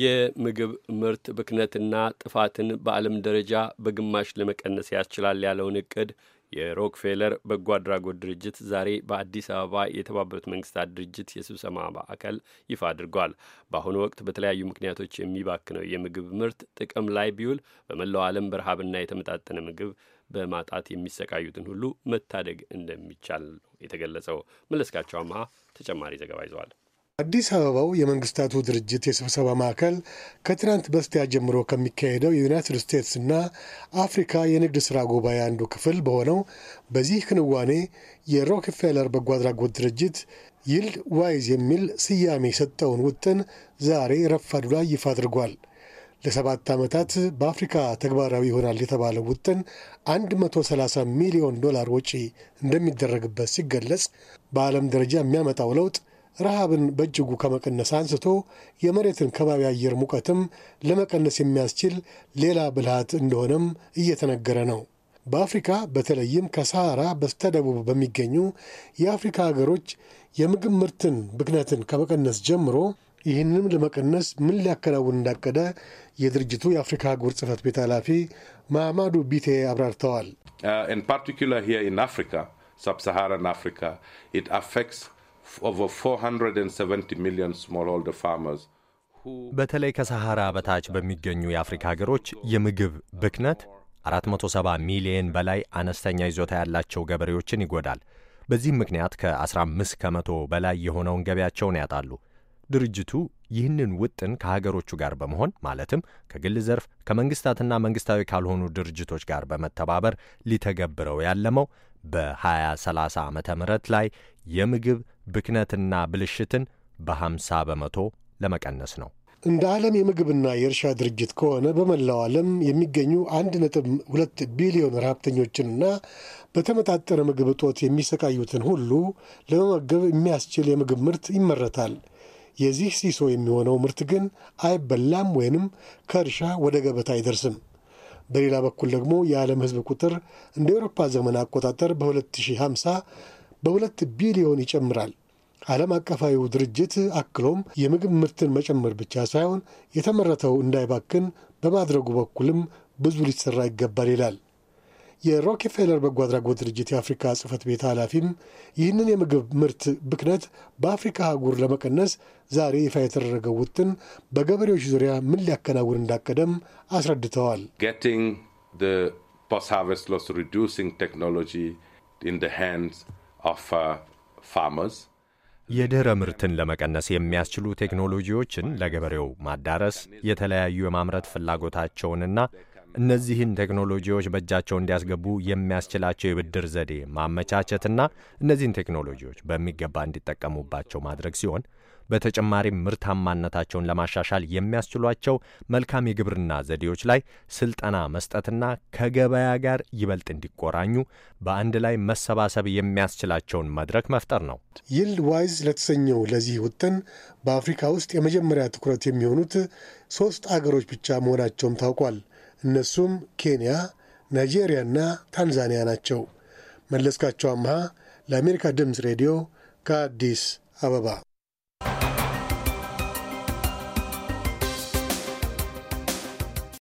የምግብ ምርት ብክነትና ጥፋትን በዓለም ደረጃ በግማሽ ለመቀነስ ያስችላል ያለውን እቅድ የሮክፌለር በጎ አድራጎት ድርጅት ዛሬ በአዲስ አበባ የተባበሩት መንግስታት ድርጅት የስብሰባ ማዕከል ይፋ አድርጓል። በአሁኑ ወቅት በተለያዩ ምክንያቶች የሚባክነው የምግብ ምርት ጥቅም ላይ ቢውል በመላው ዓለም በረሃብና የተመጣጠነ ምግብ በማጣት የሚሰቃዩትን ሁሉ መታደግ እንደሚቻል ነው የተገለጸው። መለስካቸው አምሃ ተጨማሪ ዘገባ ይዘዋል። አዲስ አበባው የመንግስታቱ ድርጅት የስብሰባ ማዕከል ከትናንት በስቲያ ጀምሮ ከሚካሄደው የዩናይትድ እና አፍሪካ የንግድ ሥራ ጉባኤ አንዱ ክፍል በሆነው በዚህ ክንዋኔ የሮክፌለር በጎ አድራጎት ድርጅት ይልድ ዋይዝ የሚል ስያሜ የሰጠውን ውጥን ዛሬ ረፋዱ ላይ ይፋ አድርጓል። ለሰባት ዓመታት በአፍሪካ ተግባራዊ ይሆናል የተባለው ውጥን 130 ሚሊዮን ዶላር ወጪ እንደሚደረግበት ሲገለጽ በዓለም ደረጃ የሚያመጣው ለውጥ ረሃብን በእጅጉ ከመቀነስ አንስቶ የመሬትን ከባቢ አየር ሙቀትም ለመቀነስ የሚያስችል ሌላ ብልሃት እንደሆነም እየተነገረ ነው። በአፍሪካ በተለይም ከሰሃራ በስተደቡብ በሚገኙ የአፍሪካ ሀገሮች የምግብ ምርትን ብክነትን ከመቀነስ ጀምሮ ይህንም ለመቀነስ ምን ሊያከናውን እንዳቀደ የድርጅቱ የአፍሪካ አህጉር ጽህፈት ቤት ኃላፊ ማማዱ ቢቴ አብራርተዋል። ፓርቲኩላር ሂር ኢን አፍሪካ ሳብሳሃራን አፍሪካ ኢት አፌክትስ over 470 million smallholder farmers በተለይ ከሰሐራ በታች በሚገኙ የአፍሪካ ሀገሮች የምግብ ብክነት 470 ሚሊየን በላይ አነስተኛ ይዞታ ያላቸው ገበሬዎችን ይጎዳል። በዚህም ምክንያት ከ15 ከመቶ በላይ የሆነውን ገቢያቸውን ያጣሉ። ድርጅቱ ይህንን ውጥን ከሀገሮቹ ጋር በመሆን ማለትም ከግል ዘርፍ ከመንግስታትና መንግስታዊ ካልሆኑ ድርጅቶች ጋር በመተባበር ሊተገብረው ያለመው በ2030 ዓ ም ላይ የምግብ ብክነትና ብልሽትን በ50 በመቶ ለመቀነስ ነው። እንደ ዓለም የምግብና የእርሻ ድርጅት ከሆነ በመላው ዓለም የሚገኙ 12 ቢሊዮን ረሀብተኞችንና በተመጣጠነ ምግብ እጦት የሚሰቃዩትን ሁሉ ለመመገብ የሚያስችል የምግብ ምርት ይመረታል። የዚህ ሲሶ የሚሆነው ምርት ግን አይበላም ወይንም ከእርሻ ወደ ገበታ አይደርስም። በሌላ በኩል ደግሞ የዓለም ህዝብ ቁጥር እንደ ኤውሮፓ ዘመን አቆጣጠር በ2050 በሁለት ቢሊዮን ይጨምራል። ዓለም አቀፋዊው ድርጅት አክሎም የምግብ ምርትን መጨመር ብቻ ሳይሆን የተመረተው እንዳይባክን በማድረጉ በኩልም ብዙ ሊሰራ ይገባል ይላል። የሮኬፌለር በጎ አድራጎት ድርጅት የአፍሪካ ጽህፈት ቤት ኃላፊም ይህንን የምግብ ምርት ብክነት በአፍሪካ አህጉር ለመቀነስ ዛሬ ይፋ የተደረገው ውጥን በገበሬዎች ዙሪያ ምን ሊያከናውን እንዳቀደም አስረድተዋል። uh, የድኅረ ምርትን ለመቀነስ የሚያስችሉ ቴክኖሎጂዎችን ለገበሬው ማዳረስ የተለያዩ የማምረት ፍላጎታቸውንና እነዚህን ቴክኖሎጂዎች በእጃቸው እንዲያስገቡ የሚያስችላቸው የብድር ዘዴ ማመቻቸትና እነዚህን ቴክኖሎጂዎች በሚገባ እንዲጠቀሙባቸው ማድረግ ሲሆን በተጨማሪም ምርታማነታቸውን ለማሻሻል የሚያስችሏቸው መልካም የግብርና ዘዴዎች ላይ ስልጠና መስጠትና ከገበያ ጋር ይበልጥ እንዲቆራኙ በአንድ ላይ መሰባሰብ የሚያስችላቸውን መድረክ መፍጠር ነው። ይልድ ዋይዝ ለተሰኘው ለዚህ ውጥን በአፍሪካ ውስጥ የመጀመሪያ ትኩረት የሚሆኑት ሶስት አገሮች ብቻ መሆናቸውም ታውቋል። እነሱም ኬንያ፣ ናይጄሪያና ታንዛኒያ ናቸው። መለስካቸው አምሃ ለአሜሪካ ድምፅ ሬዲዮ ከአዲስ አበባ